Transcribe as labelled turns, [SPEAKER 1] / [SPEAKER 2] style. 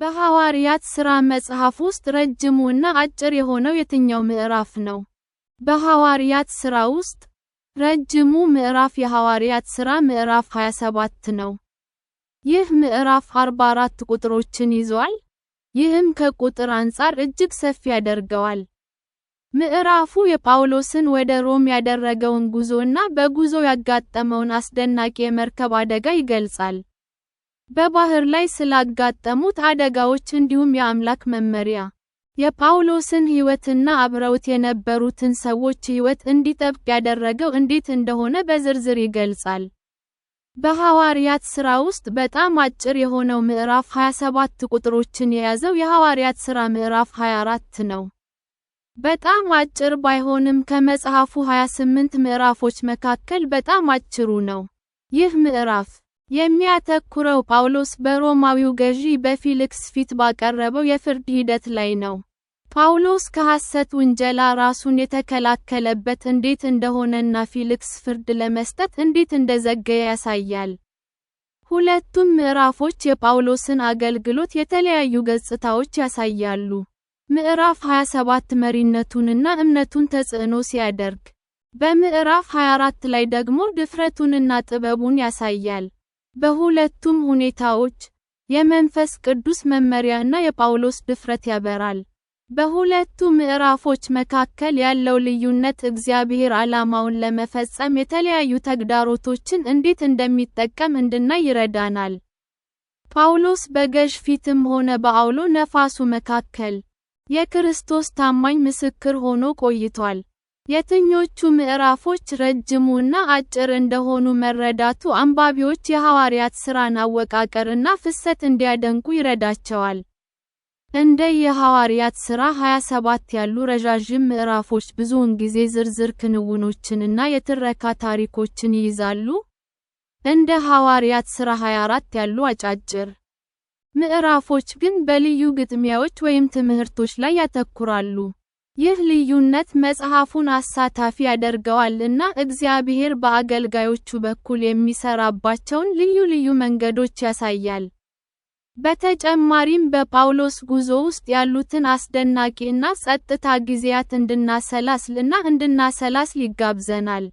[SPEAKER 1] በሐዋርያት ሥራ መጽሐፍ ውስጥ ረጅሙ እና አጭር የሆነው የትኛው ምዕራፍ ነው? በሐዋርያት ሥራ ውስጥ ረጅሙ ምዕራፍ የሐዋርያት ሥራ ምዕራፍ 27 ነው። ይህ ምዕራፍ 44 ቁጥሮችን ይዟል። ይህም ከቁጥር አንጻር እጅግ ሰፊ ያደርገዋል። ምዕራፉ የጳውሎስን ወደ ሮም ያደረገውን ጉዞና በጉዞው ያጋጠመውን አስደናቂ የመርከብ አደጋ ይገልጻል። በባህር ላይ ስላጋጠሙት አደጋዎች እንዲሁም የአምላክ መመሪያ የጳውሎስን ሕይወትና አብረውት የነበሩትን ሰዎች ሕይወት እንዲጠብቅ ያደረገው እንዴት እንደሆነ በዝርዝር ይገልጻል። በሐዋርያት ሥራ ውስጥ በጣም አጭር የሆነው ምዕራፍ 27 ቁጥሮችን የያዘው የሐዋርያት ሥራ ምዕራፍ 24 ነው። በጣም አጭር ባይሆንም ከመጽሐፉ 28 ምዕራፎች መካከል በጣም አጭሩ ነው። ይህ ምዕራፍ የሚያተኩረው ጳውሎስ በሮማዊው ገዢ በፊልክስ ፊት ባቀረበው የፍርድ ሂደት ላይ ነው። ጳውሎስ ከሐሰት ውንጀላ ራሱን የተከላከለበት እንዴት እንደሆነና ፊልክስ ፍርድ ለመስጠት እንዴት እንደዘገየ ያሳያል። ሁለቱም ምዕራፎች የጳውሎስን አገልግሎት የተለያዩ ገጽታዎች ያሳያሉ። ምዕራፍ 27 መሪነቱንና እምነቱን ተጽዕኖ ሲያደርግ፣ በምዕራፍ 24 ላይ ደግሞ ድፍረቱንና ጥበቡን ያሳያል። በሁለቱም ሁኔታዎች፣ የመንፈስ ቅዱስ መመሪያና የጳውሎስ ድፍረት ያበራል። በሁለቱ ምዕራፎች መካከል ያለው ልዩነት እግዚአብሔር ዓላማውን ለመፈጸም የተለያዩ ተግዳሮቶችን እንዴት እንደሚጠቀም እንድናይ ይረዳናል። ጳውሎስ በገዥ ፊትም ሆነ በአውሎ ነፋሱ መካከል የክርስቶስ ታማኝ ምስክር ሆኖ ቆይቷል። የትኞቹ ምዕራፎች ረጅሙና አጭር እንደሆኑ መረዳቱ አንባቢዎች የሐዋርያት ሥራን አወቃቀርና ፍሰት እንዲያደንቁ ይረዳቸዋል። እንደ የሐዋርያት ሥራ 27 ያሉ ረዣዥም ምዕራፎች ብዙውን ጊዜ ዝርዝር ክንውኖችንና የትረካ ታሪኮችን ይይዛሉ፣ እንደ ሐዋርያት ሥራ 24 ያሉ አጫጭር ምዕራፎች ግን በልዩ ግጥሚያዎች ወይም ትምህርቶች ላይ ያተኩራሉ። ይህ ልዩነት መጽሐፉን አሳታፊ ያደርገዋል እና እግዚአብሔር በአገልጋዮቹ በኩል የሚሰራባቸውን ልዩ ልዩ መንገዶች ያሳያል። በተጨማሪም በጳውሎስ ጉዞ ውስጥ ያሉትን አስደናቂ እና ጸጥታ ጊዜያት እንድናሰላስል እና እንድናሰላስል ይጋብዘናል።